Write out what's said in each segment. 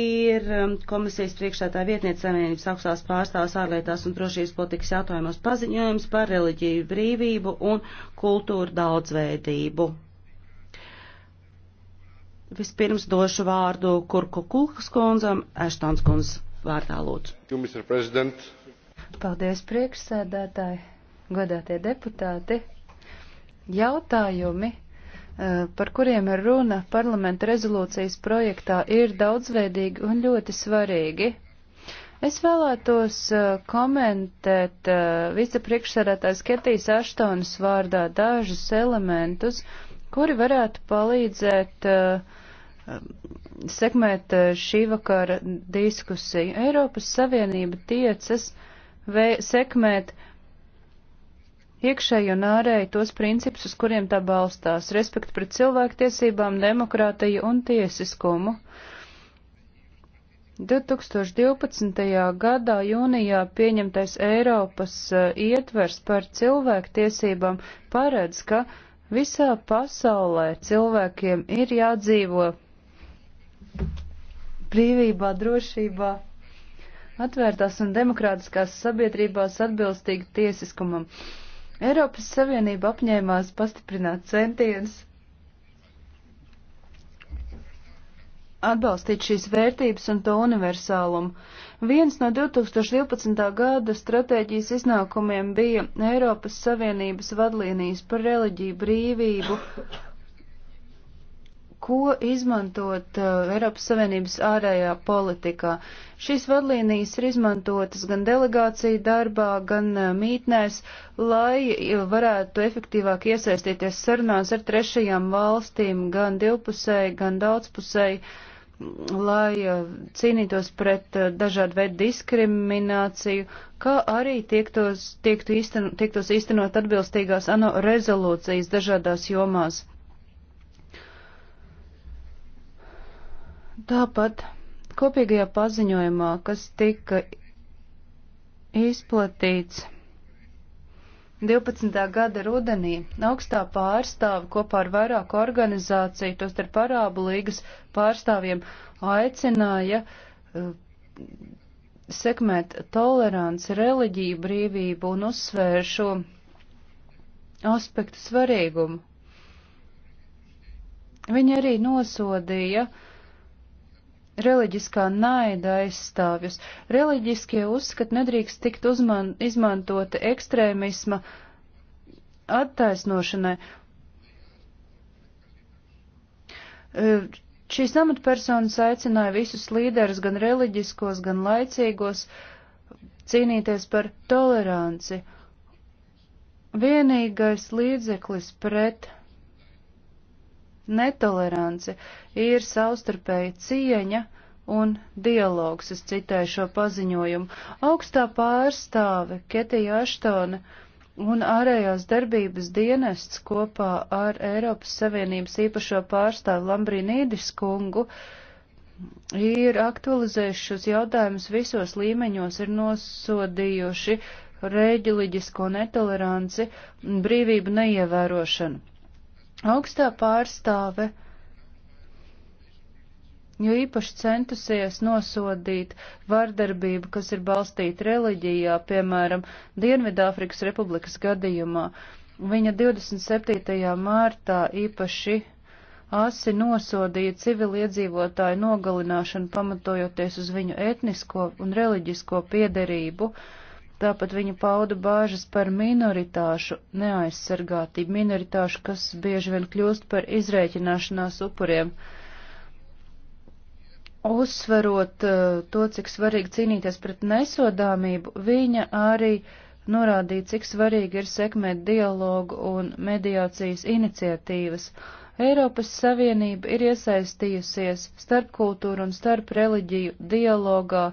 ir um, komisijas priekšsētāja vietniece Savienības augstās pārstāvs ārlietās un drošības politikas jautājumos paziņojums par reliģiju brīvību un kultūru daudzveidību. Vispirms došu vārdu Kurku Kulkas kundzam, Eštons kundz vārdā lūdzu. Paldies priekšsēdētāji, godātie deputāti. Jautājumi Eh, par kuriem ir runa parlamenta rezolūcijas projektā, ir daudzveidīgi un ļoti svarīgi. Es vēlētos eh, komentēt eh, vicepriekšsēdētājs Ketijas Aštonas vārdā dažus elementus, kuri varētu palīdzēt sekmēt šī vakara diskusiju. Eiropas Savienība tiecas sekmēt iekšēji un ārēji tos principus, uz kuriem tā balstās - respekt pret cilvēktiesībām, demokrātiju un tiesiskumu. 2012. gadā jūnijā pieņemtais Eiropas e, ietvers par cilvēktiesībām paredz, ka visā pasaulē cilvēkiem ir jādzīvo brīvībā, drošībā, atvērtās un demokrātiskās sabiedrībās atbilstīgi tiesiskumam. Eiropas Savienība apņēmās pastiprināt centienus atbalstīt šīs vērtības un to universālumu. Viens no 2012. gada stratēģijas iznākumiem bija Eiropas Savienības vadlīnijas par reliģiju brīvību ko izmantot uh, Eiropas Savienības ārējā politikā. Šīs vadlīnijas ir izmantotas gan delegāciju darbā, gan uh, mītnēs, lai uh, varētu efektīvāk iesaistīties sarunās ar trešajām valstīm, gan divpusēji, gan daudzpusēji, lai uh, cīnītos pret uh, dažādu veidu diskrimināciju, kā arī tiektos, tiektu īsten, tiektos īstenot atbilstīgās ANO rezolūcijas dažādās jomās. Tāpat kopīgajā paziņojumā, kas tika izplatīts 12. gada rudenī, augstā pārstāve kopā ar vairāku organizāciju, tostarp Arābu līgas pārstāvjiem, aicināja uh, sekmēt toleranci, reliģiju brīvību un uzsvēra šo aspektu svarīgumu. Viņa arī nosodīja uh, reliģiskā naida aizstāvjus. Reliģiskie uzskati nedrīkst tikt uzman, izmantoti ekstrēmisma attaisnošanai. Šīs amatpersonas aicināja visus līderus, gan reliģiskos, gan laicīgos, cīnīties par toleranci. Vienīgais līdzeklis pret netolerance, ir savstarpēja cieņa un dialogs, es citēju šo paziņojumu. Augstā pārstāve Ketija Aštona un ārējās darbības dienests kopā ar Eiropas Savienības īpašo pārstāvu Lambrinīdis kungu ir aktualizējuši šos jautājumus visos līmeņos, ir nosodījuši reģiliģisko netoleranci un brīvību neievērošanu. Augstā pārstāve jo īpaši centusies nosodīt vardarbību, kas ir balstīta reliģijā, piemēram, Dienvidāfrikas Republikas gadījumā. Viņa 27. mārtā īpaši asi nosodīja civiliedzīvotāju nogalināšanu, pamatojoties uz viņu etnisko un reliģisko piederību. Uh, Tāpat viņa pauda bāžas par minoritāšu neaizsargātību, minoritāšu, kas bieži vien kļūst par izrēķināšanās upuriem. Uzsverot uh, to, cik svarīgi cīnīties pret nesodāmību, viņa arī norādīja, cik svarīgi ir sekmēt dialogu un mediācijas iniciatīvas. Eiropas Savienība ir iesaistījusies starp kultūru un starp reliģiju dialogā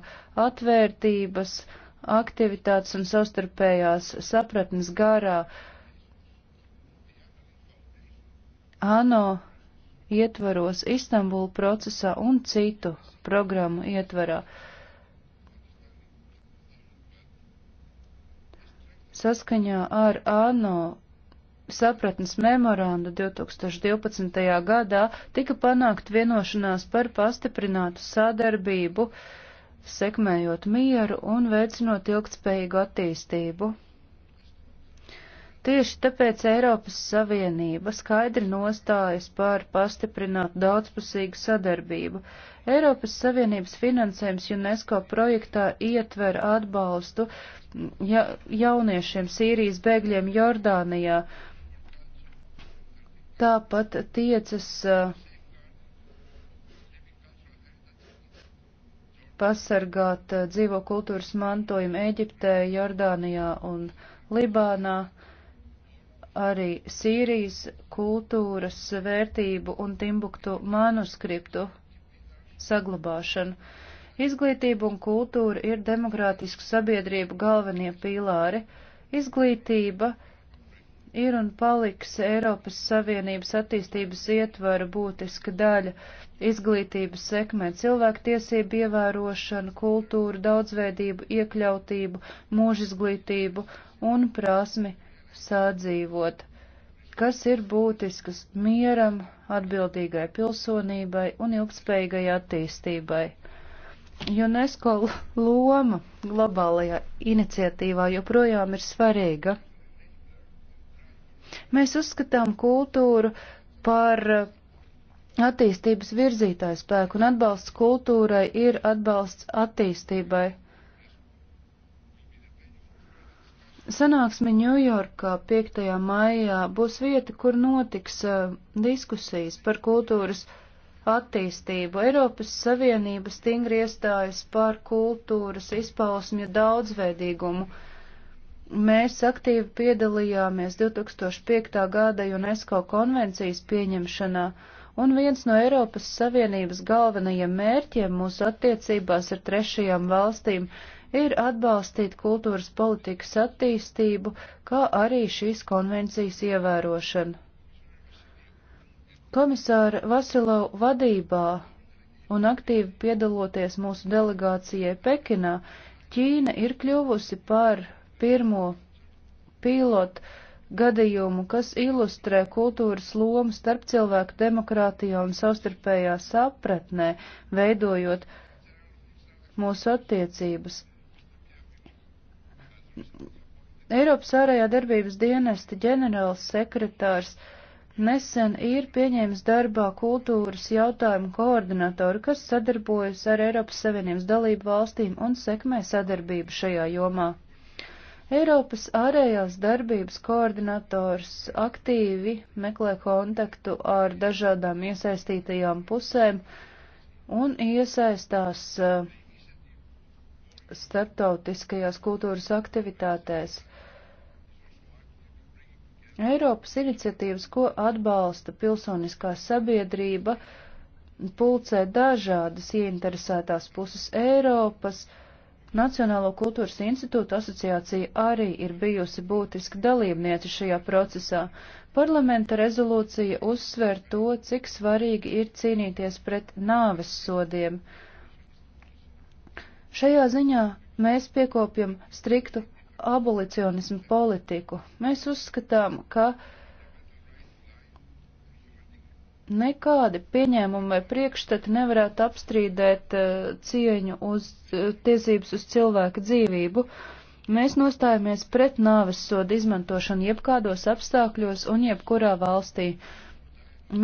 atvērtības, uh, aktivitātes un savstarpējās sapratnes garā. ANO ietvaros Istanbulu procesā un citu programmu ietvarā. Saskaņā ar ANO sapratnes memorandu 2012. gadā tika panākt vienošanās par pastiprinātu sadarbību uh, sekmējot mieru un veicinot ilgtspējīgu attīstību. Tieši tāpēc Eiropas Savienība skaidri nostājas par pastiprinātu daudzpusīgu sadarbību. Eiropas Savienības finansējums UNESCO projektā ietver atbalstu ja, jauniešiem Sīrijas bēgļiem Jordānijā. Tāpat tiecas uh, pasargāt eh, dzīvo kultūras mantojumu Eģiptē, Jordānijā un Libānā, arī Sīrijas kultūras vērtību un Timbuktu manuskriptu saglabāšanu. Izglītība un kultūra ir demokrātisku sabiedrību galvenie pīlāri. Izglītība ir un paliks Eiropas Savienības attīstības ietvara būtiska daļa - izglītības sekmē cilvēktiesību ievērošanu, kultūru, daudzveidību, iekļautību, mūžizglītību un prasmi sādzīvot, kas ir būtiskas mieram, atbildīgai pilsonībai un ilgspējīgai attīstībai. UNESCO loma globālajā iniciatīvā joprojām ir svarīga. Mēs uzskatām kultūru par attīstības virzītāju spēku, un atbalsts kultūrai ir atbalsts attīstībai. Sanāksme Ņujorkā 5. maijā būs vieta, kur notiks uh, diskusijas par kultūras attīstību. Eiropas Savienība stingri iestājas par kultūras izpausmju daudzveidīgumu. Uh, Mēs aktīvi piedalījāmies 2005. gada UNESCO konvencijas pieņemšanā, un viens no Eiropas Savienības galvenajiem mērķiem mūsu attiecībās ar trešajām valstīm ir atbalstīt kultūras politikas attīstību, kā arī šīs konvencijas ievērošanu. Komisāra Vasilau vadībā un aktīvi piedaloties mūsu delegācijai Pekinā, Ķīna ir kļuvusi par pirmo pilotu gadījumu, kas ilustrē kultūras lomu starp cilvēku demokrātijā un savstarpējā sapratnē, veidojot mūsu attiecības. Eiropas ārējā darbības dienesta ģenerāls sekretārs nesen ir pieņēmis darbā kultūras jautājumu koordinatoru, kas sadarbojas ar Eiropas Savienības dalību valstīm un sekmē sadarbību šajā jomā. Eiropas ārējās darbības koordinators aktīvi meklē kontaktu ar dažādām iesaistītajām pusēm un iesaistās eh, starptautiskajās kultūras aktivitātēs. Eiropas iniciatīvas, ko atbalsta pilsoniskā sabiedrība, pulcē dažādas ieinteresētās puses Eiropas, uh, Nacionālo kultūras institūtu asociācija arī ir bijusi būtiski dalībniece šajā procesā. Parlamenta rezolūcija uzsver to, cik svarīgi ir cīnīties pret nāves sodiem. Šajā ziņā mēs piekopjam striktu abolicionismu politiku. Mēs uzskatām, ka uh, Nekādi pieņēmumi vai priekšstati nevarētu apstrīdēt uh, cieņu uz uh, tiesības uz cilvēka dzīvību. Mēs nostājamies pret nāves sodu izmantošanu jebkādos apstākļos un jebkurā valstī.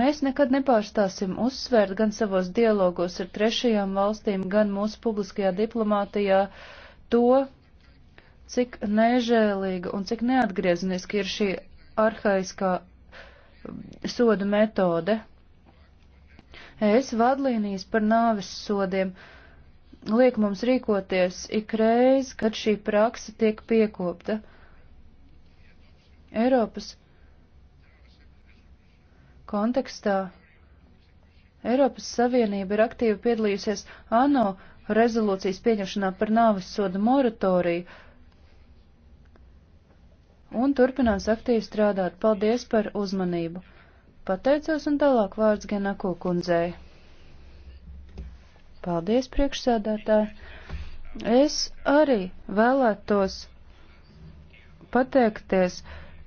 Mēs nekad nepārstāsim uzsvērt gan savos dialogos ar trešajām valstīm, gan mūsu publiskajā diplomātijā to, cik nežēlīga un cik neatgriezeniski ir šī arhaiskā sodu metode es vadlīnijas par nāves sodiem liek mums rīkoties ikreiz, kad šī praksa tiek piekopta. Eiropas kontekstā Eiropas Savienība ir aktīvi piedalījusies ANO rezolūcijas pieņemšanā par nāvis sodu moratoriju un turpinās aktīvi strādāt. Paldies par uzmanību! pateicos un tālāk vārds Genako kundzei. Paldies, priekšsēdētāji. Es arī vēlētos pateikties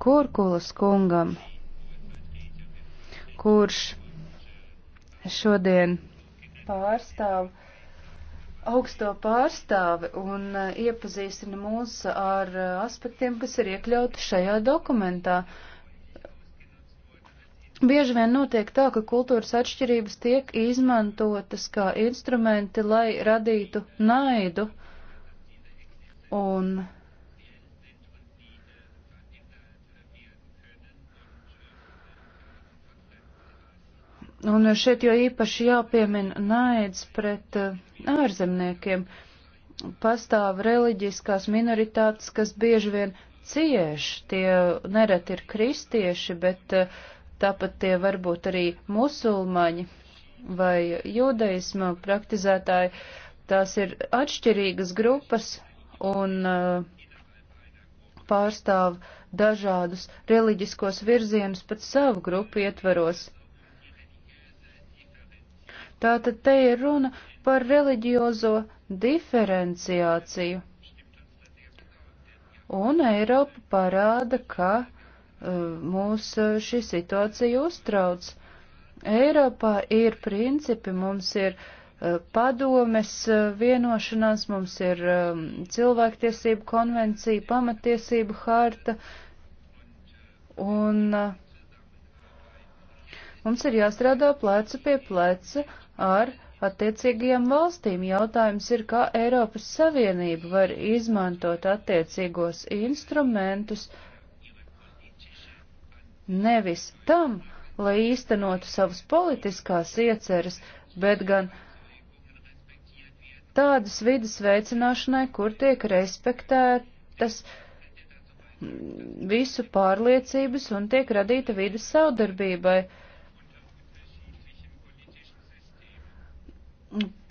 Kurkulas kungam, kurš šodien pārstāv augsto pārstāvi un uh, iepazīstina mūs ar uh, aspektiem, kas ir iekļauti šajā dokumentā. Uh, Bieži vien notiek tā, ka kultūras atšķirības tiek izmantotas kā instrumenti, lai radītu naidu. Un Un šeit jau īpaši jāpiemina naids pret eh, ārzemniekiem. Pastāv reliģiskās minoritātes, kas bieži vien cieš, tie nereti ir kristieši, bet uh, tāpat tie var būt arī musulmaņi vai judaisma praktizētāji. Tās ir atšķirīgas grupas un uh, pārstāv dažādus reliģiskos virzienus pat savu grupu ietveros. Tātad te ir runa par reliģiozo diferenciāciju. Un Eiropa parāda, ka mūs eh, šī situācija uztrauc. Eiropā ir principi, mums ir eh, padomes eh, vienošanās, mums ir cilvēktiesību konvencija, pamatiesību harta, un mums ir jāstrādā pleca pie pleca ar attiecīgajām valstīm. Jautājums ir, kā Eiropas Savienība var izmantot attiecīgos instrumentus, uh, nevis tam, lai īstenotu savas politiskās ieceres, bet gan tādas vidas veicināšanai, kur tiek respektētas visu pārliecības un tiek radīta vidas saudarbībai.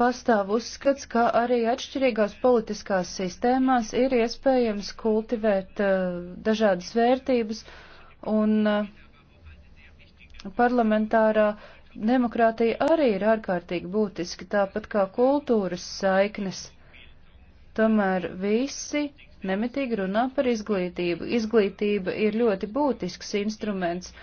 Pastāv uzskats, ka arī atšķirīgās politiskās sistēmās ir iespējams kultivēt uh, dažādas vērtības, uh, Un uh, parlamentārā demokrātija arī ir ārkārtīgi būtiska, tāpat kā kultūras saiknes. Tomēr visi nemitīgi runā par izglītību. Izglītība ir ļoti būtisks instruments.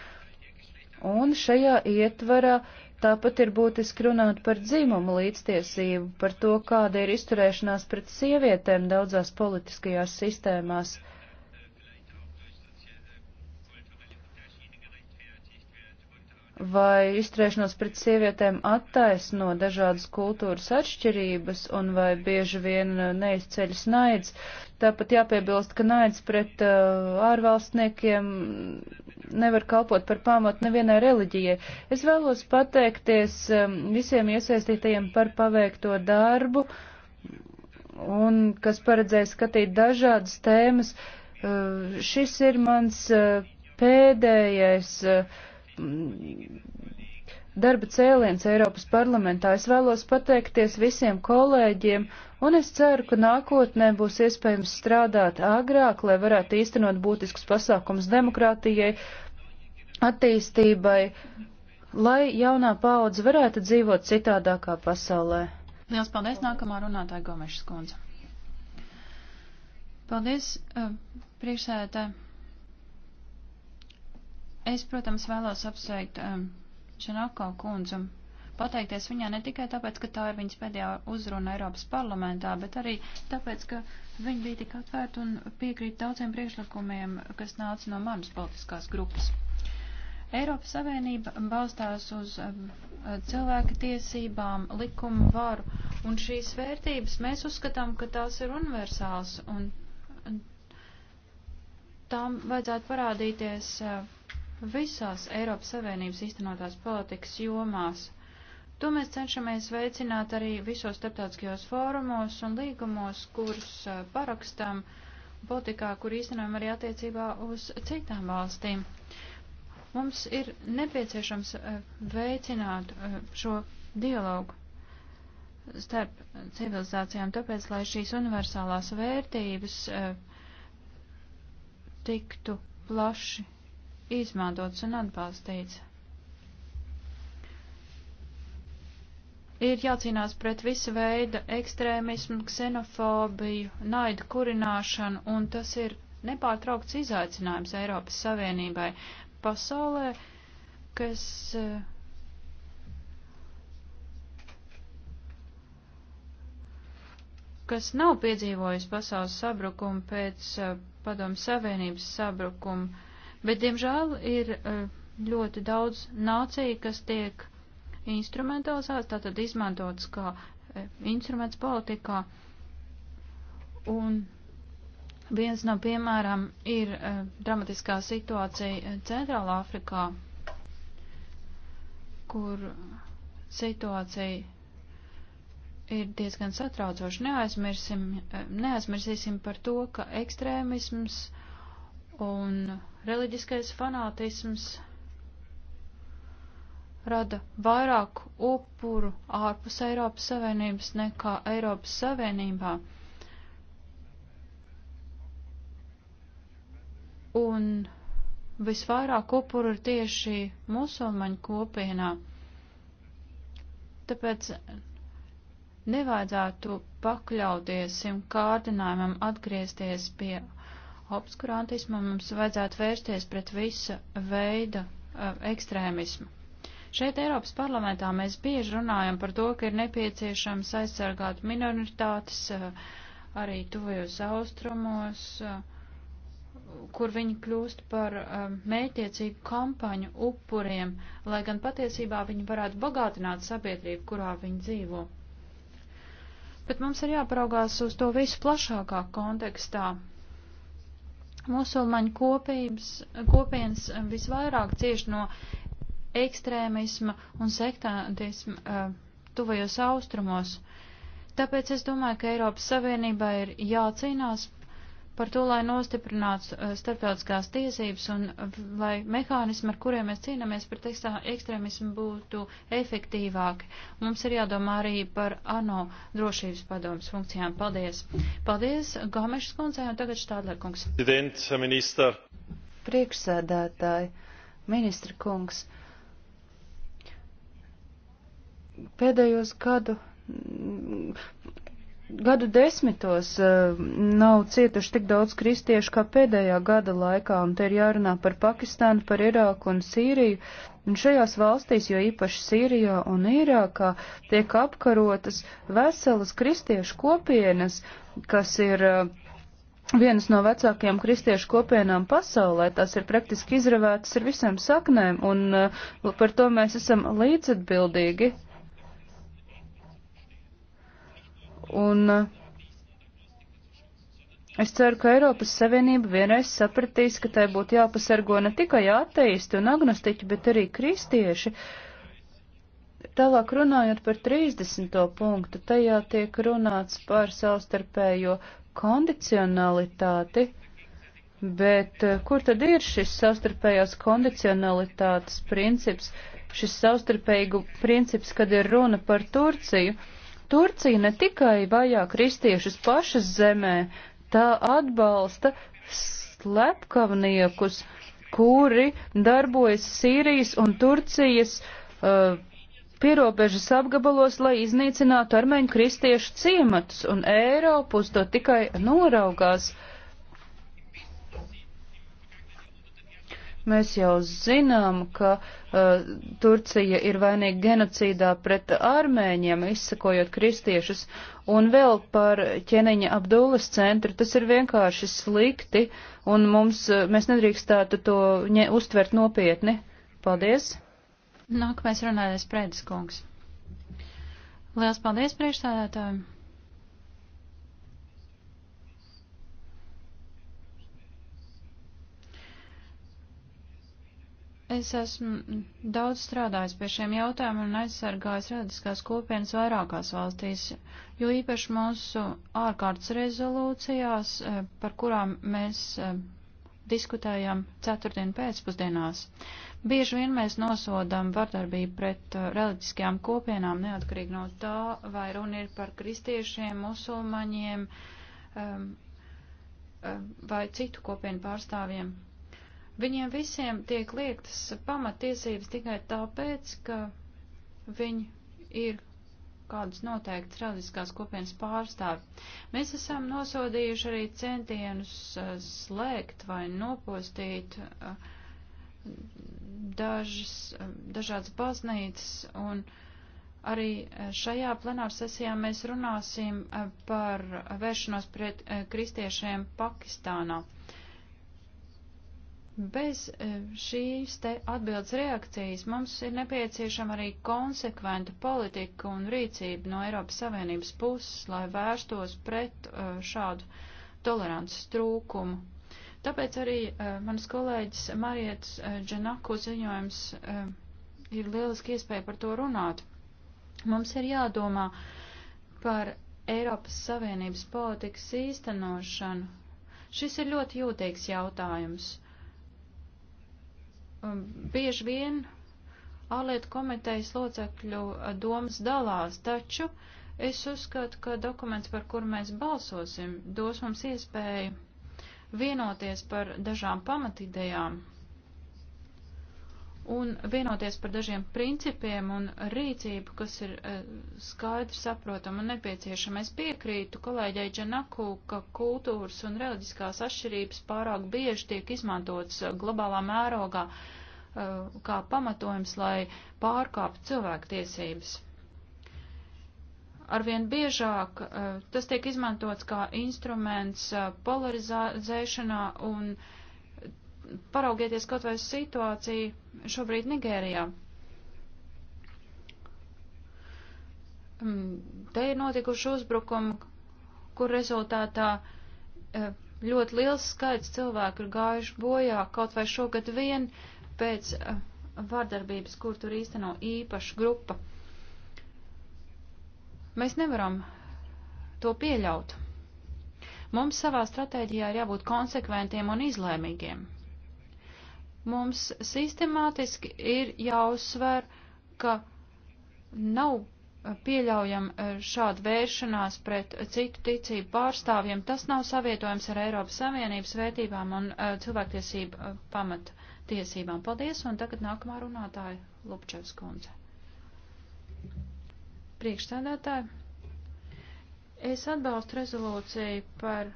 Un šajā ietvarā tāpat ir būtiski runāt par dzimumu līdztiesību, par to, kāda ir izturēšanās pret sievietēm daudzās politiskajās sistēmās. vai izturēšanās pret sievietēm attaisno dažādas kultūras atšķirības un vai bieži vien uh, neizceļas naids. Tāpat jāpiebilst, ka naids pret uh, ārvalstniekiem nevar kalpot par pamatu nevienai reliģijai. Es vēlos pateikties um, visiem iesaistītajiem par paveikto darbu un kas paredzēja skatīt dažādas tēmas. Uh, šis ir mans uh, pēdējais. Uh, Mm, darba cēliens Eiropas parlamentā. Es vēlos pateikties visiem kolēģiem, un es ceru, ka nākotnē būs iespējams strādāt agrāk, lai varētu īstenot būtiskus pasākums demokrātijai, attīstībai, lai jaunā paudze varētu dzīvot citādākā pasaulē. Liels paldies nākamā runātāja Gomešas kundze. Paldies, eh, priekšsēdētāji. Es, protams, vēlos apsveikt um, Šanako kundzu pateikties viņā ne tikai tāpēc, ka tā ir viņas pēdējā uzruna Eiropas parlamentā, bet arī tāpēc, ka viņa bija tik atvērta un piekrīt daudziem priekšlikumiem, kas nāca no manas politiskās grupas. Eiropas Savienība balstās uz um, cilvēka tiesībām, likumu varu, un šīs vērtības mēs uzskatām, ka tās ir universāls, un tām vajadzētu parādīties uh, visās Eiropas Savienības iztenotās politikas jomās. To mēs cenšamies veicināt arī visos starptautiskajos fórumos un līgumos, kurus parakstam politikā, kur īstenojam arī attiecībā uz citām valstīm. Mums ir nepieciešams veicināt šo dialogu starp civilizācijām, tāpēc, lai šīs universālās vērtības tiktu plaši izmantots un atbalstīts. Ir jācīnās pret visu veidu ekstrēmismu, ksenofobiju, naidu kurināšanu, un tas ir nepārtraukts izaicinājums Eiropas Savienībai pasaulē, kas kas nav piedzīvojis pasaules sabrukumu pēc eh, padomu Savienības sabrukuma Bet, diemžēl, ir e, ļoti daudz nāciju, kas tiek instrumentalizēts, tātad izmantots kā e, instruments politikā. Un viens no piemēram ir e, dramatiskā situācija Centrālā Afrikā, kur situācija ir diezgan satraucoši. Neaizmirsim, neaizmirsīsim par to, ka ekstrēmisms un Reliģiskais fanātisms rada vairāk upuru ārpus Eiropas Savienības nekā Eiropas Savienībā. Un visvairāk upuru ir tieši musulmaņu kopienā. Tāpēc nevajadzētu pakļauties šim kārdinājumam atgriezties pie obskurantismu, mums vajadzētu vērsties pret visa veida uh, ekstrēmismu. Šeit Eiropas parlamentā mēs bieži runājam par to, ka ir nepieciešams aizsargāt minoritātes uh, arī tuvajos austrumos, uh, kur viņi kļūst par mētiecīgu kampaņu upuriem, lai gan patiesībā viņi varētu bagātināt sabiedrību, kurā viņi dzīvo. Bet mums ir jāparaugās uz to visu plašākā kontekstā, Musulmaņu kopības, kopienas eh, visvairāk cieši no ekstrēmisma un sektātisma uh, eh, tuvajos austrumos. Tāpēc es domāju, ka Eiropas Savienībā ir jācīnās par to, lai nostiprinātu eh, starptautiskās tiesības un lai mehānismi, ar kuriem mēs cīnāmies par ekstrēmismu, būtu efektīvāki. Mums ir jādomā arī par ANO drošības padomas funkcijām. Paldies! Paldies Gomešas kundzei un tagad Štādler kungs. Priekšsēdētāji, ministra kungs, pēdējos gadu Gadu desmitos uh, nav cietuši tik daudz kristiešu kā pēdējā gada laikā, un te ir jārunā par Pakistānu, par Irāku un Sīriju. Un šajās valstīs, jo īpaši Sīrijā un Irākā, tiek apkarotas veselas kristiešu kopienas, kas ir uh, vienas no vecākajām kristiešu kopienām pasaulē. Tās ir praktiski izravētas ar visām saknēm, un uh, par to mēs esam līdzatbildīgi. Un eh, es ceru, ka Eiropas Savienība vienreiz sapratīs, ka tai būtu jāpasargo ne tikai ateisti un agnostiķi, bet arī kristieši. Tālāk runājot par 30. punktu, tajā tiek runāts par savstarpējo kondicionalitāti, bet eh, kur tad ir šis savstarpējās kondicionalitātes princips, šis savstarpēju princips, kad ir runa par Turciju? Uh, Turcija ne tikai vajā kristiešus pašas zemē, tā atbalsta slepkavniekus, kuri darbojas Sīrijas un Turcijas uh, pierobežas apgabalos, lai iznīcinātu armēņu kristiešu ciematus, un Eiropu uz to tikai noraugās. Uh, Mēs jau zinām, ka uh, Turcija ir vainīga genocīdā pret armēņiem, izsakojot kristiešus, un vēl par ķeniņa apdūles centru. Tas ir vienkārši slikti, un mums, uh, mēs nedrīkstētu to ņē, uztvert nopietni. Paldies! Nākamais runājas Prēdis kungs. Liels paldies priekšstādātājiem! Es esmu daudz strādājis pie šiem jautājumiem un aizsargājis radiskās kopienas vairākās valstīs, jo īpaši mūsu ārkārtas rezolūcijās, eh, par kurām mēs eh, diskutējām ceturtdien pēcpusdienās. Bieži vien mēs nosodam vardarbību pret eh, reliģiskajām kopienām, neatkarīgi no tā, vai runa ir par kristiešiem, musulmaņiem um, vai citu kopienu pārstāvjiem. Viņiem visiem tiek liektas pamatiesības tikai tāpēc, ka viņi ir kādas noteiktas reliģiskās kopienas pārstāvi. Mēs esam nosodījuši arī centienus slēgt vai nopostīt dažas, dažādas baznīcas, un arī šajā plenārsesijā mēs runāsim par vēršanos pret kristiešiem Pakistānā. Uh, Bez e, šīs te atbildes reakcijas mums ir nepieciešama arī konsekventa politika un rīcība no Eiropas Savienības puses, lai vērstos pret e, šādu tolerances trūkumu. Tāpēc arī e, manas kolēģis Marietas Džanaku ziņojums ir lieliski iespēja par to runāt. Mums ir jādomā par Eiropas Savienības politikas īstenošanu. Šis ir ļoti jūtīgs jautājums Um, bieži vien ārlietu komitejas locekļu uh, domas dalās, taču es uzskatu, ka dokuments, par kuru mēs balsosim, dos mums iespēju vienoties par dažām pamatidejām un vienoties par dažiem principiem un rīcību, kas ir e, skaidri saprotama un nepieciešama. Es piekrītu kolēģei Džanaku, ka kultūras un reliģiskās atšķirības pārāk bieži tiek izmantotas e, globālā mērogā e, kā pamatojums, lai pārkāptu cilvēktiesības arvien biežāk tas tiek izmantots kā instruments polarizēšanā un uh, paraugieties kaut vai situāciju šobrīd Nigērijā. Mm, te ir notikuši uzbrukumi, kur rezultātā e, ļoti liels skaits cilvēku ir gājuši bojā kaut vai šogad vien pēc e, vārdarbības, kur tur īsteno īpaša grupa. Mēs nevaram to pieļaut. Mums savā stratēģijā ir jābūt konsekventiem un izlēmīgiem. Mums sistemātiski ir jāuzsver, ka nav pieļaujam e, šādu vēršanās pret citu ticību pārstāvjiem. Tas nav savietojams ar Eiropas Savienības vērtībām un e, cilvēktiesību e, pamattiesībām. Paldies, un tagad nākamā runātāja Lupčevs kundze. Priekšstādātāji, es atbalstu rezolūciju par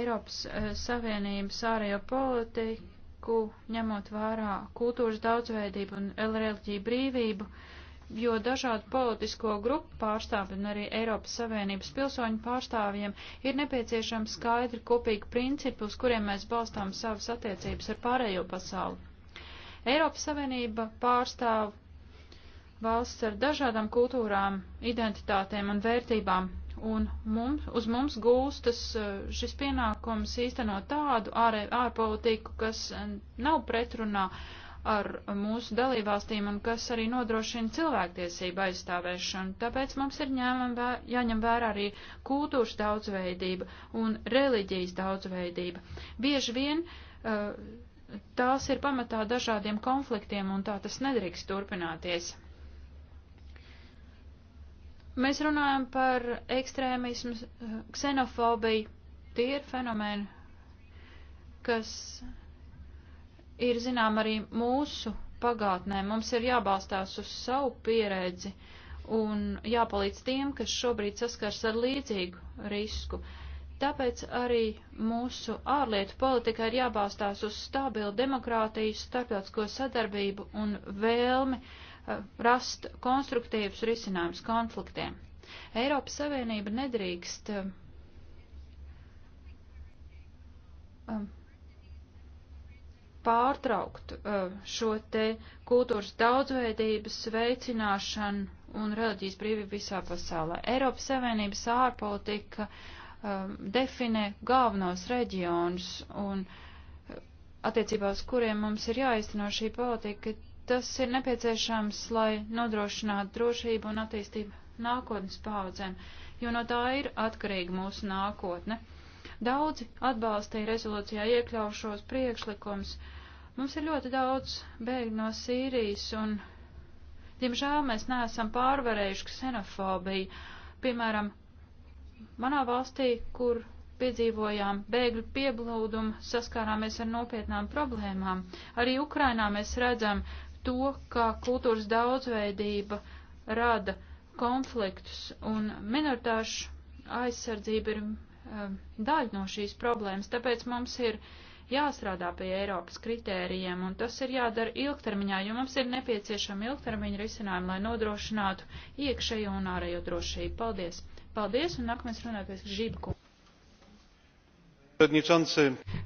Eiropas Savienības ārējo politiku politiku, ņemot vērā kultūras daudzveidību un reliģiju brīvību, jo dažādu politisko grupu pārstāvju un arī Eiropas Savienības pilsoņu pārstāvjiem ir nepieciešams skaidri kopīgi principi, uz kuriem mēs balstām savas attiecības ar pārējo pasauli. Eiropas Savienība pārstāv valsts ar dažādām kultūrām, identitātēm un vērtībām, un mums, uz mums gūstas eh, šis pienākums īstenot tādu ārē, ārpolitiku, kas eh, nav pretrunā ar mūsu dalībvalstīm un kas arī nodrošina cilvēktiesību aizstāvēšanu. Tāpēc mums ir vē, jāņem vērā arī kultūras daudzveidība un reliģijas daudzveidība. Bieži vien uh, tās ir pamatā dažādiem konfliktiem un tā tas nedrīkst turpināties. Mēs runājam par ekstrēmismu, ksenofobiju. Tie ir fenomeni, kas ir zinām arī mūsu pagātnē. Mums ir jābalstās uz savu pieredzi un jāpalīdz tiem, kas šobrīd saskars ar līdzīgu risku. Tāpēc arī mūsu ārlietu politika ir jābalstās uz stabilu demokrātiju, starptautisko sadarbību un vēlmi uh, rast konstruktīvus risinājumus konfliktiem. Eiropas Savienība nedrīkst um, um, pārtraukt uh, šo te kultūras daudzveidības veicināšanu un reliģijas brīvību visā pasaulē. Eiropas Savienības ārpolitika um, definē galvenos reģionus un uh, attiecībā uz kuriem mums ir jāizteno šī politika, tas ir nepieciešams, lai nodrošinātu drošību un attīstību nākotnes paudzēm, jo no tā ir atkarīga mūsu nākotne. Daudzi atbalstīja rezolūcijā iekļaušos priekšlikums. Mums ir ļoti daudz bēgļu no Sīrijas, un, diemžēl, mēs neesam pārvarējuši ksenofobiju. Piemēram, manā valstī, kur piedzīvojām bēgļu pieblūdumu, saskārāmies ar nopietnām problēmām. Arī Ukrainā mēs redzam, to, kā kultūras daudzveidība rada konfliktus un minoritāšu aizsardzība ir um, daļa no šīs problēmas, tāpēc mums ir jāstrādā pie Eiropas kritērijiem, un tas ir jādara ilgtermiņā, jo mums ir nepieciešama ilgtermiņa risinājuma, lai nodrošinātu iekšējo un ārējo drošību. Paldies! Paldies, un nākamais runātais Žibku.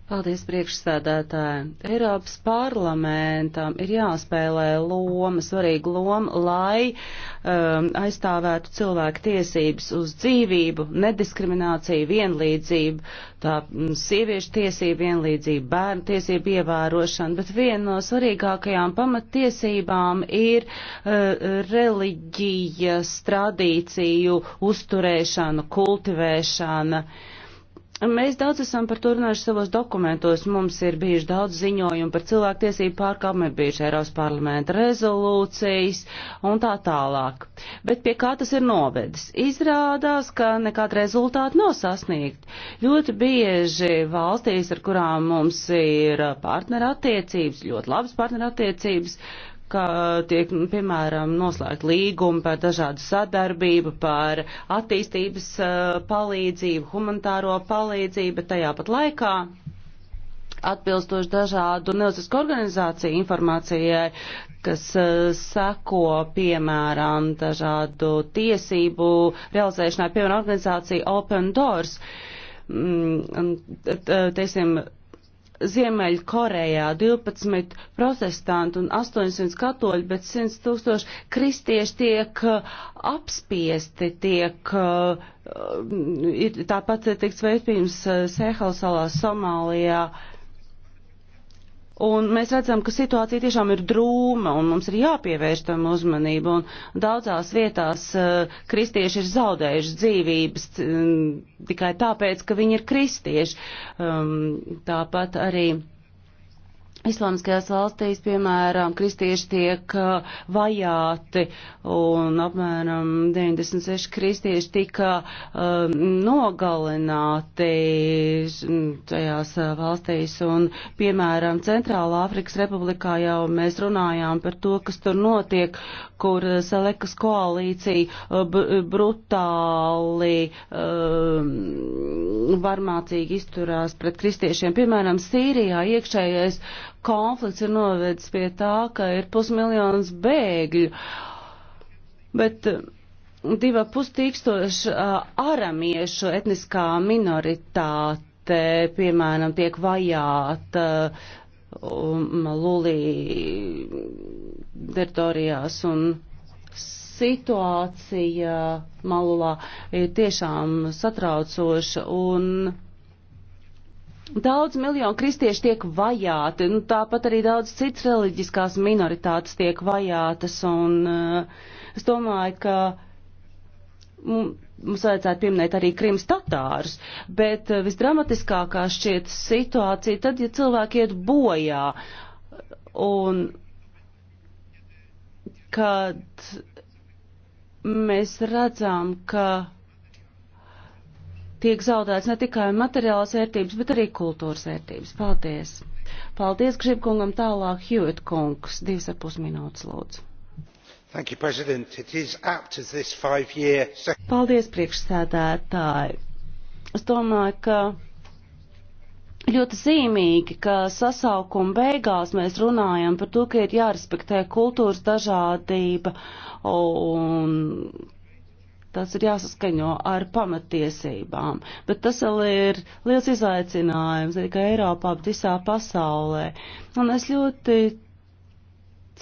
Paldies, priekšsēdētāji. Eiropas parlamentam ir jāspēlē loma, svarīga loma, lai um, aizstāvētu cilvēku tiesības uz dzīvību, nediskrimināciju, vienlīdzību, tā mm, sieviešu tiesību vienlīdzību, bērnu tiesību ievērošanu, bet viena no svarīgākajām pamatiesībām ir uh, reliģijas tradīciju uzturēšana, kultivēšana. Uh, Mēs daudz esam par to runājuši savos dokumentos. Mums ir bijuši daudz ziņojumu par cilvēktiesību pārkāpumiem, ir bijuši Eiropas parlamenta rezolūcijas un tā tālāk. Bet pie kā tas ir novedis? Izrādās, ka nekāda rezultāta nav sasniegt. Ļoti bieži valstīs, ar kurām mums ir partnerattiecības, ļoti labas partnerattiecības, ka eh, tiek, piemēram, noslēgt līgumi par dažādu sadarbību, par attīstības eh, palīdzību, humanitāro palīdzību, bet tajā pat laikā atbilstoši dažādu nevalstisku organizāciju informācijai, kas eh, seko, piemēram, dažādu tiesību realizēšanai, piemēram, organizācija Open Doors. Mm, teiksim, Ziemeļkorejā 12 protestanti un 800 katoļi, bet 100 tūkstoši kristieši tiek uh, apspiesti, tiek, uh, mm, ir tāpat tiek sveitījums uh, Sehalsalā, Somālijā, uh, Un mēs redzam, ka situācija tiešām ir drūma un mums ir jāpievērš tam uzmanību. Un daudzās vietās uh, kristieši ir zaudējuši dzīvības um, tikai tāpēc, ka viņi ir kristieši. Um, tāpat arī Islāmskajās valstīs, piemēram, kristieši tiek vajāti un apmēram 96 kristieši tika um, nogalināti šajās valstīs. Un, piemēram, Centrālā Afrikas Republikā jau mēs runājām par to, kas tur notiek, kur Selekas koalīcija brutāli um, varmācīgi izturās pret kristiešiem. Piemēram, Sīrijā iekšējais konflikts ir novedis pie tā, ka ir pusmiljons bēgļu, bet eh, divi pustīkstoši eh, aramiešu etniskā minoritāte, piemēram, tiek vajāta um, Lulī teritorijās un situācija Malulā ir tiešām satraucoša un Daudz miljonu kristiešu tiek vajāti, nu, tāpat arī daudz citas reliģiskās minoritātes tiek vajātas, un uh, es domāju, ka mums vajadzētu pieminēt arī krims tatārus, bet uh, visdramatiskākā šķiet situācija tad, ja cilvēki iet bojā, un kad mēs redzam, ka tiek zaudēts ne tikai materiālās vērtības, bet arī kultūras vērtības. Paldies! Paldies Gribkungam tālāk, Hewitt kungs, divas ar pus minūtes lūdzu. You, year... Paldies, priekšsēdētāji! Es domāju, ka ļoti zīmīgi, ka sasaukuma beigās mēs runājam par to, ka ir jārespektē kultūras dažādība un tas ir jāsaskaņo ar pamatiesībām. Bet tas vēl ir liels izaicinājums ne tikai Eiropā, bet visā pasaulē. Un es ļoti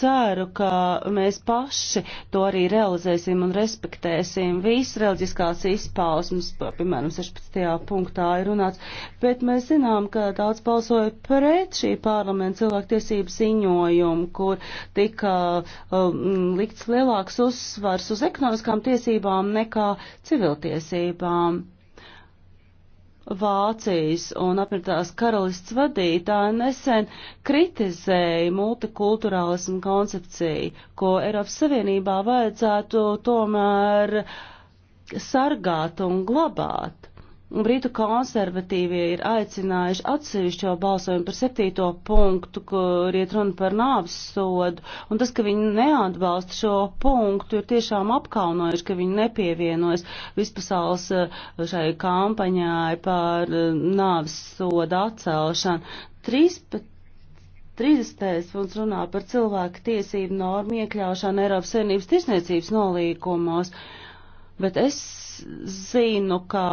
ceru, ka mēs paši to arī realizēsim un respektēsim. Visas reliģiskās izpausmes, piemēram, 16. punktā ir runāts, bet mēs zinām, ka daudz balsoja pret šī parlamenta cilvēktiesību ziņojumu, kur tika um, likts lielāks uzsvars uz ekonomiskām tiesībām nekā civiltiesībām. Vācijas un apvienotās karalists vadītāji nesen kritizēja multikulturālismu koncepciju, ko Eiropas Savienībā vajadzētu tomēr sargāt un glabāt. Brītu konservatīvie ir aicinājuši atsevišķo balsojumu par septīto punktu, kur iet runa par nāvis sodu, un tas, ka viņi neatbalsta šo punktu, ir tiešām apkaunojuši, ka viņi nepievienojas vispasaules eh, šai kampaņai par eh, nāvis sodu atcelšanu. 13. 30. punkts runā par cilvēku tiesību normu iekļaušanu Eiropas Savienības tirsniecības nolīkumos. Uh, bet es zinu, ka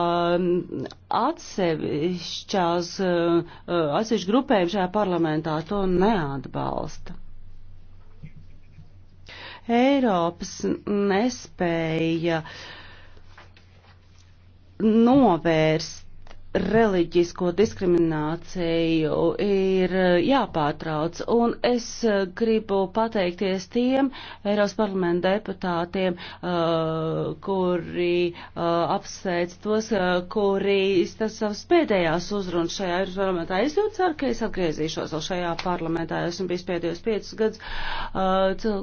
atsevišķās, eh, atsevišķi grupējumi šajā parlamentā to neatbalsta. Eiropas nespēja novērst reliģisko diskrimināciju ir eh, jāpārtrauc, un es eh, gribu pateikties tiem Eiropas parlamenta deputātiem, eh, kuri apsveic tos, kuri izteica savas pēdējās uzrunas šajā Eiropas parlamentā. Es ļoti ceru, ka es atgriezīšos vēl šajā parlamentā. Esmu bijis pēdējos piecus gadus,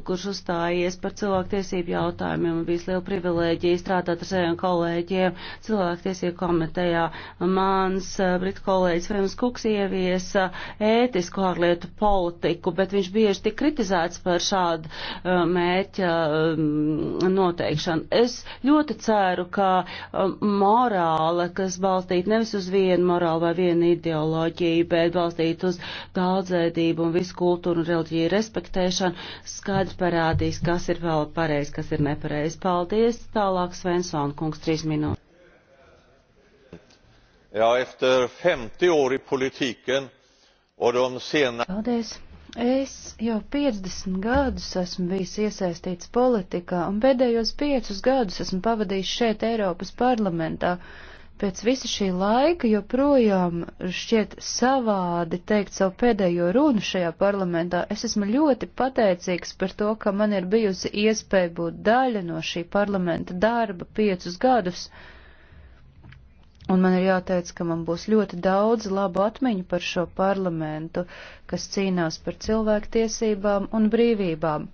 kurš uzstājies par cilvēktiesību jautājumiem un bijis liela privilēģija strādāt ar saviem kolēģiem cilvēktiesību komitejā. Un mans eh, brit kolēģis Vējums Kuks ieviesa ētisku ārlietu politiku, bet viņš bieži tik kritizēts par šādu eh, mērķa mm, noteikšanu. Es ļoti ceru, ka eh, morāla, kas balstīta nevis uz vienu morālu vai vienu ideoloģiju, bet balstīta uz daudzveidību un visu kultūru un reliģiju respektēšanu, skaidri parādīs, kas ir vēl pareizi, kas ir nepareizi. Paldies! Tālāk Svensson kungs, trīs minūtes. Efter 50 år i politiken un de senā... Paldies! Es jau 50 gadus esmu bijis iesaistīts politikā, un pēdējos 5 gadus esmu pavadījis šeit Eiropas parlamentā. Pēc visa šī laika joprojām šķiet savādi teikt savu pēdējo runu šajā parlamentā. Es esmu ļoti pateicīgs par to, ka man ir bijusi iespēja būt daļa no šī parlamenta darba piecus gadus. Uh, Un man ir jāteic, ka man būs ļoti daudz labu atmiņu par šo parlamentu, kas cīnās par cilvēktiesībām un brīvībām.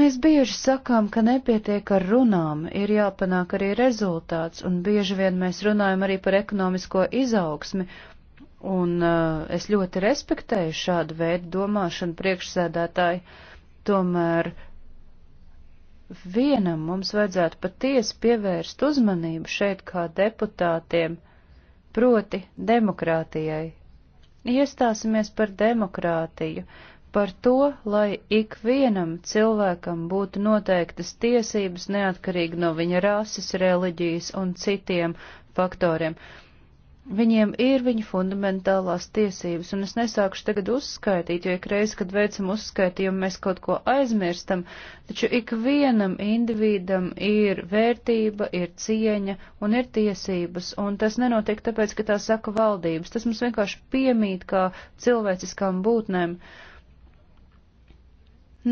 Mēs bieži sakām, ka nepietiek ar runām, ir jāpanāk arī rezultāts, un bieži vien mēs runājam arī par ekonomisko izaugsmi, un uh, es ļoti respektēju šādu veidu domāšanu priekšsēdētāji, tomēr vienam mums vajadzētu patiesi pievērst uzmanību šeit kā deputātiem, proti demokrātijai. Iestāsimies par demokrātiju, par to, lai ikvienam cilvēkam būtu noteiktas tiesības neatkarīgi no viņa rases, reliģijas un citiem faktoriem. Viņiem ir viņa fundamentālās tiesības, un es nesākušu tagad uzskaitīt, jo ik reiz, kad veicam uzskaitījumu, mēs kaut ko aizmirstam, taču ikvienam individam ir vērtība, ir cieņa un ir tiesības, un tas nenotiek tāpēc, ka tā saka valdības, tas mums vienkārši piemīt kā cilvēciskām būtnēm.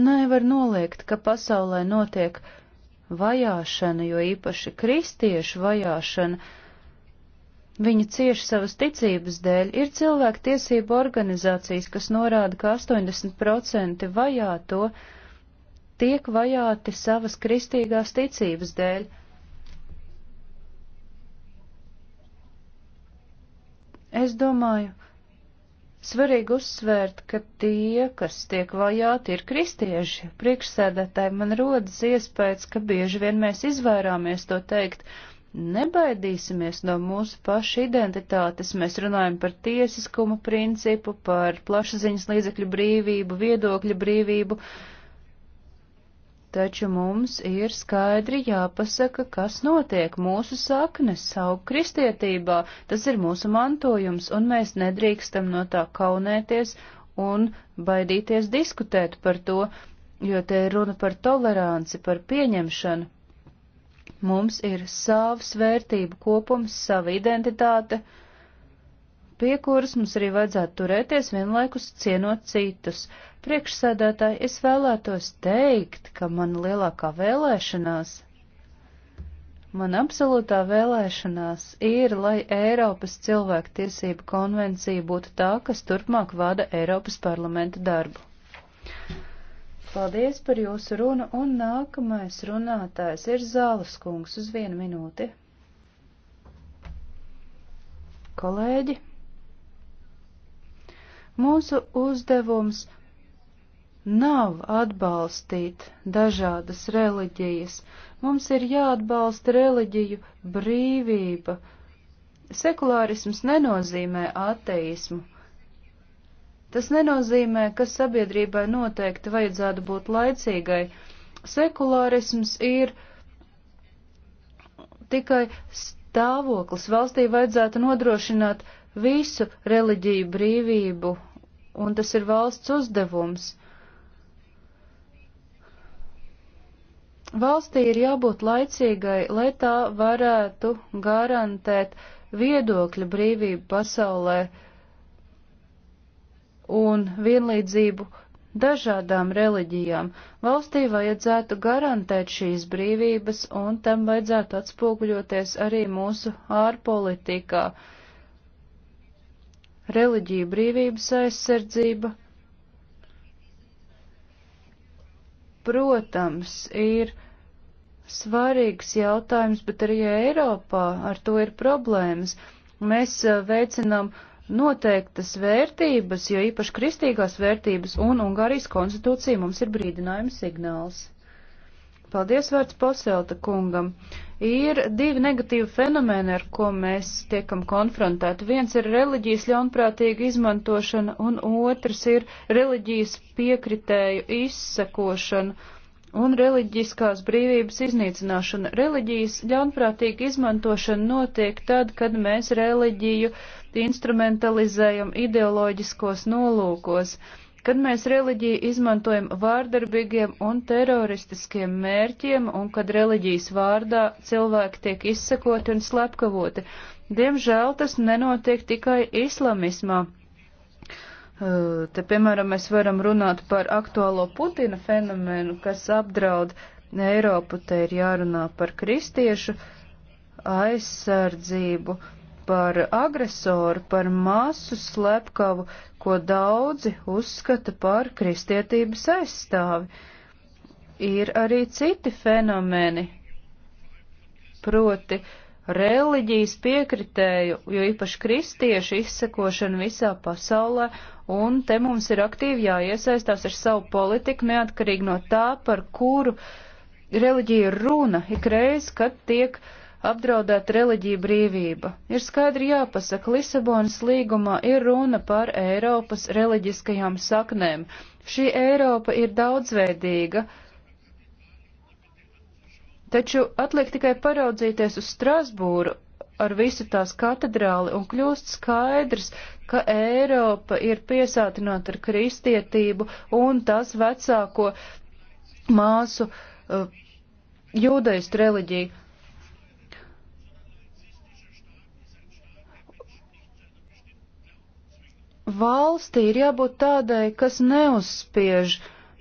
Nevar noliegt, ka pasaulē notiek vajāšana, jo īpaši kristiešu vajāšana Viņa cieši savas ticības dēļ. Ir cilvēku tiesību organizācijas, kas norāda, ka 80% vajāto tiek vajāti savas kristīgās ticības dēļ. Es domāju, svarīgi uzsvērt, ka tie, kas tiek vajāti, ir kristieši. Priekšsēdētāji man rodas iespējas, ka bieži vien mēs izvairāmies to teikt Nebaidīsimies no mūsu paša identitātes. Mēs runājam par tiesiskuma principu, par plašsaziņas līdzekļu brīvību, viedokļu brīvību. Taču mums ir skaidri jāpasaka, kas notiek mūsu saknes, savu kristietībā. Tas ir mūsu mantojums, un mēs nedrīkstam no tā kaunēties un baidīties diskutēt par to, jo te ir runa par toleranci, par pieņemšanu, Mums ir savs vērtību kopums, sava identitāte, pie kuras mums arī vajadzētu turēties vienlaikus cienot citus. Priekšsēdētāji, es vēlētos teikt, ka mana lielākā vēlēšanās, mana absolūtā vēlēšanās ir, lai Eiropas cilvēktiesību konvencija būtu tā, kas turpmāk vada Eiropas parlamenta darbu. Paldies par jūsu runu, un nākamais runātājs ir Zāles kungs uz vienu minūti. Kolēģi, mūsu uzdevums nav atbalstīt dažādas reliģijas. Mums ir jāatbalsta reliģiju brīvība. Sekulārisms nenozīmē ateismu, Tas nenozīmē, ka sabiedrībai noteikti vajadzētu būt laicīgai. Sekulārisms ir tikai stāvoklis. Valstī vajadzētu nodrošināt visu reliģiju brīvību, un tas ir valsts uzdevums. Valstī ir jābūt laicīgai, lai tā varētu garantēt viedokļa brīvību pasaulē un vienlīdzību dažādām reliģijām. Valstī vajadzētu garantēt šīs brīvības, un tam vajadzētu atspoguļoties arī mūsu ārpolitikā. Reliģija brīvības aizsardzība, protams, ir svarīgs jautājums, bet arī Eiropā ar to ir problēmas. Mēs eh, veicinām uh, noteiktas vērtības, jo īpaši kristīgās vērtības un Ungārijas konstitūcija mums ir brīdinājuma signāls. Paldies vārds Poselta kungam. Ir divi negatīvi fenomeni, ar ko mēs tiekam konfrontēti. Viens ir reliģijas ļaunprātīga izmantošana, un otrs ir reliģijas piekritēju izsekošana un reliģiskās brīvības iznīcināšana. Reliģijas ļaunprātīga izmantošana notiek tad, kad mēs reliģiju uh, instrumentalizējam ideoloģiskos nolūkos, kad mēs reliģiju izmantojam vārdarbīgiem un teroristiskiem mērķiem un kad reliģijas vārdā cilvēki tiek izsekoti un slepkavoti. Diemžēl tas nenotiek tikai islamismā. Uh, te, piemēram, mēs varam runāt par aktuālo Putina fenomenu, kas apdraud Eiropu. Te ir jārunā par kristiešu aizsardzību. Uh, par agresoru, par masu slepkavu, ko daudzi uzskata par kristietības aizstāvi. Ir arī citi fenomeni, proti reliģijas piekritēju, jo īpaši kristiešu izsekošana visā pasaulē, un te mums ir aktīvi jāiesaistās ar savu politiku, neatkarīgi no tā, par kuru reliģija runa ikreiz, kad tiek uh, apdraudēta reliģija brīvība. Ir skaidri jāpasaka, Lisabonas līgumā ir runa par Eiropas reliģiskajām saknēm. Šī Eiropa ir daudzveidīga, taču atliek tikai paraudzīties uz Strasbūru ar visu tās katedrāli un kļūst skaidrs, ka Eiropa ir piesātināta ar kristietību un tās vecāko māsu uh, jūdaistu reliģiju. valstī ir jābūt tādai, kas neuzspiež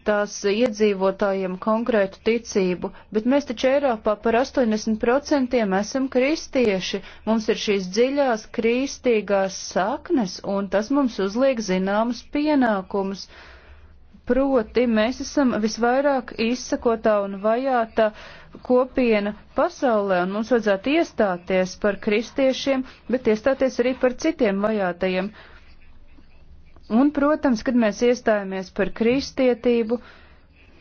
tās iedzīvotājiem konkrētu ticību, bet mēs taču Eiropā par 80% esam kristieši, mums ir šīs dziļās kristīgās saknes, un tas mums uzliek zināmus pienākumus. Proti, mēs esam visvairāk izsakotā un vajāta kopiena pasaulē, un mums vajadzētu iestāties par kristiešiem, bet iestāties arī par citiem vajātajiem. Un, protams, kad mēs iestājāmies par kristietību,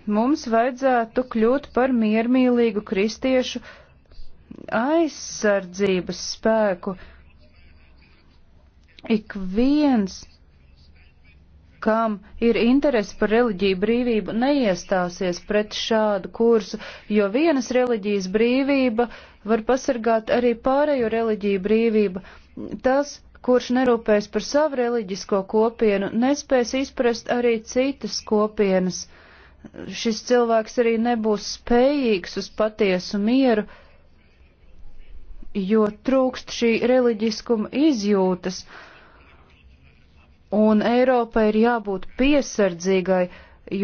mums vajadzētu kļūt par miermīlīgu kristiešu aizsardzības spēku. Ik viens, kam ir interesi par reliģiju brīvību, neiestāsies pret šādu kursu, jo vienas reliģijas brīvība var pasargāt arī pārējo reliģiju brīvību. Tas kurš nerūpēs par savu reliģisko kopienu, nespēs izprast arī citas kopienas. Šis cilvēks arī nebūs spējīgs uz patiesu mieru, jo trūkst šī reliģiskuma izjūtas, un Eiropai ir jābūt piesardzīgai,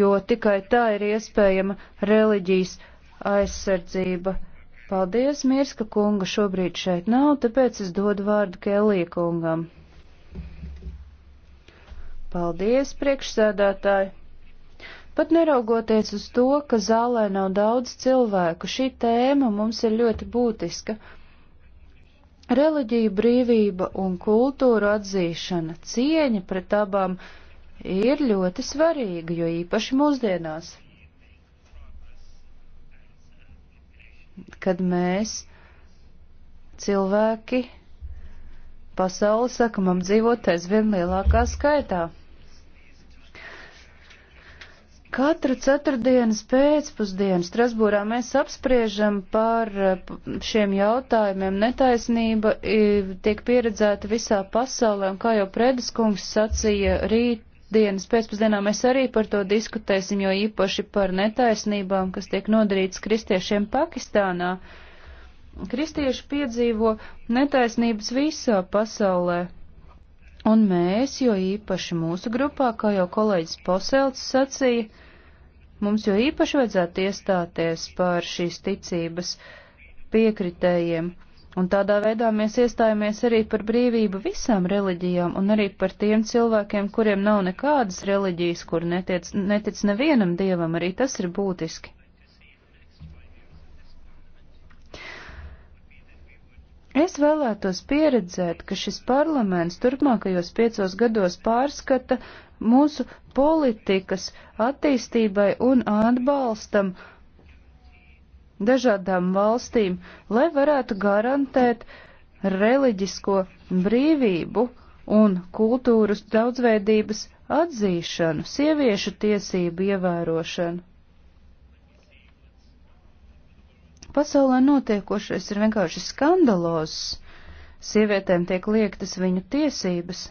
jo tikai tā ir iespējama reliģijas aizsardzība. Paldies, Mirska kunga šobrīd šeit nav, tāpēc es dodu vārdu Kelija kungam. Paldies, priekšsēdētāji! Pat neraugoties uz to, ka zālē nav daudz cilvēku, šī tēma mums ir ļoti būtiska. Reliģija brīvība un kultūra atzīšana, cieņa pret abām ir ļoti svarīga, jo īpaši mūsdienās. kad mēs cilvēki pasauli sakamam dzīvot aizvien lielākā skaitā. Katru ceturtdienas pēcpusdienu Strasbūrā mēs apspriežam par eh, šiem jautājumiem. Netaisnība tiek pieredzēta visā pasaulē, un kā jau Predeskungs sacīja, rīt dienas pēcpusdienā mēs arī par to diskutēsim, jo īpaši par netaisnībām, kas tiek nodarītas kristiešiem Pakistānā. Kristieši piedzīvo netaisnības visā pasaulē. Un mēs, jo īpaši mūsu grupā, kā jau kolēģis Poselts sacīja, mums jo īpaši vajadzētu iestāties par šīs ticības piekritējiem. Un tādā veidā mēs iestājāmies arī par brīvību visām reliģijām un arī par tiem cilvēkiem, kuriem nav nekādas reliģijas, kur netic, netic nevienam dievam, arī tas ir būtiski. Es vēlētos pieredzēt, ka šis parlaments turpmākajos piecos gados pārskata mūsu politikas attīstībai un atbalstam uh, dažādām valstīm, lai varētu garantēt reliģisko brīvību un kultūras daudzveidības atzīšanu, sieviešu tiesību ievērošanu. Pasaulē notiekošais ir vienkārši skandalozs. Sievietēm tiek liektas viņu tiesības.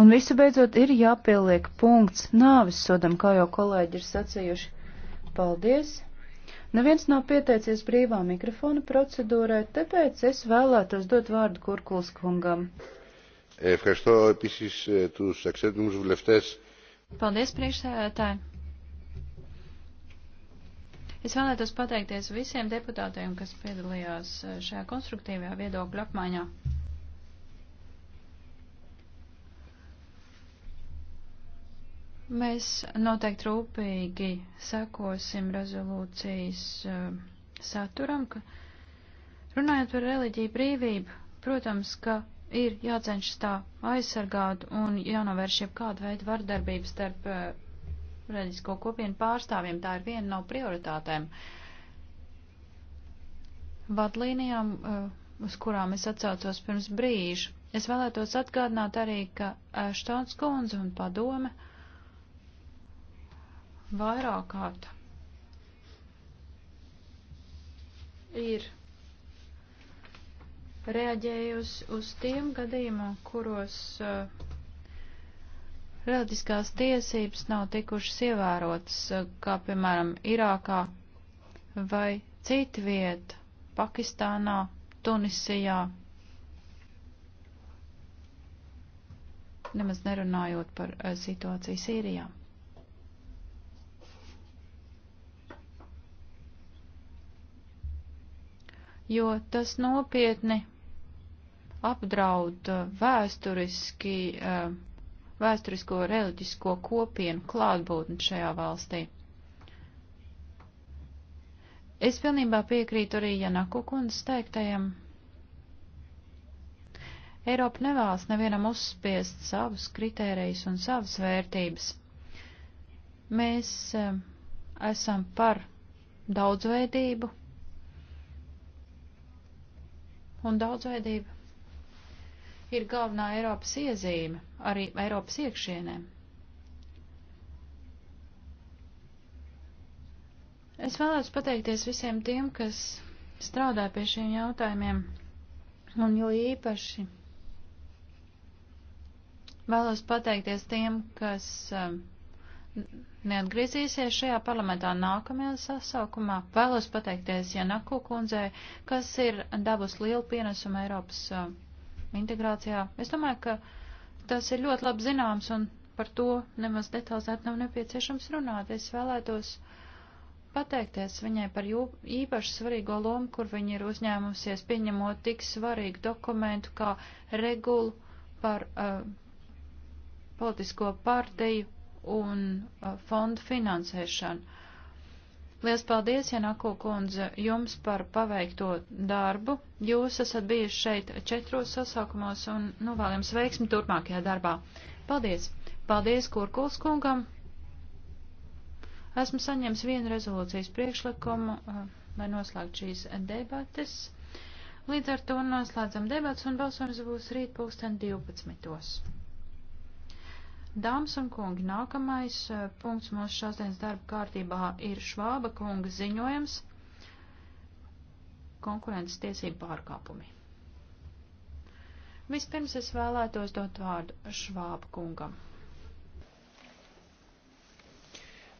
Un visu beidzot ir jāpieliek punkts nāvis sodam, kā jau kolēģi ir sacījuši. Paldies! Neviens nav pieteicies brīvā mikrofona procedūrai, tāpēc es vēlētos dot vārdu Kurkuls kungam. Paldies, priekšsēdētāji! Es vēlētos pateikties visiem deputātiem, kas piedalījās šajā konstruktīvajā viedokļu apmaiņā. Mēs noteikti rūpīgi sekosim rezolūcijas uh, saturam, ka runājot par reliģiju brīvību, protams, ka ir jācenšas tā aizsargāt un jānovērš jau kādu veidu vardarbības starp uh, reliģisko kopienu pārstāvjiem. Tā ir viena no prioritātēm. Vadlīnijām, uh, uz kurām es atsaucos pirms brīža, es vēlētos atgādināt arī, ka Štauns kundze un padome uh, vairāk kārt ir reaģējusi uz tiem gadījumiem, kuros uh, reliģiskās tiesības nav tikušas ievērotas, eh, kā piemēram Irākā vai citvieta, Pakistānā, Tunisijā, nemaz nerunājot par eh, situāciju Sīrijā. jo tas nopietni apdraud eh, vēsturiski, eh, vēsturisko reliģisko kopienu klātbūtni šajā valstī. Es pilnībā piekrītu arī Janaku kundzes teiktajam. Eiropa nevēlas nevienam uzspiest savus kritērijus un savas vērtības. Mēs eh, esam par daudzveidību, un daudzveidība ir galvenā Eiropas iezīme arī Eiropas iekšienē. Es vēlētos pateikties visiem tiem, kas strādā pie šiem jautājumiem, un jo īpaši vēlos pateikties tiem, kas uh, neatgriezīsies šajā parlamentā nākamajā sasaukumā. Vēlos pateikties Janaku kundzei, kas ir devusi lielu pienesumu Eiropas uh, integrācijā. Es domāju, ka tas ir ļoti labi zināms un par to nemaz detalizēt nav nepieciešams runāt. Es vēlētos pateikties viņai par jū, īpaši svarīgo lomu, kur viņa ir uzņēmusies pieņemot tik svarīgu dokumentu kā regulu par uh, politisko partiju un uh, fondu finansēšanu. Lielas paldies, Janako kundze, jums par paveikto darbu. Jūs esat bijuši šeit četros sasaukumos un novēl nu, jums veiksmi turpmākajā darbā. Paldies! Paldies Kurkuls kungam! Esmu saņēmis vienu rezolūcijas priekšlikumu, uh, lai noslēgtu šīs debates. Līdz ar to noslēdzam debats un balsojums būs rīt pulksten 12. Dāmas un kungi, nākamais eh, punkts mūsu šodienas darba kārtībā ir Švāba kunga ziņojums konkurences tiesību pārkāpumi. Vispirms es vēlētos dot vārdu Švāba kungam.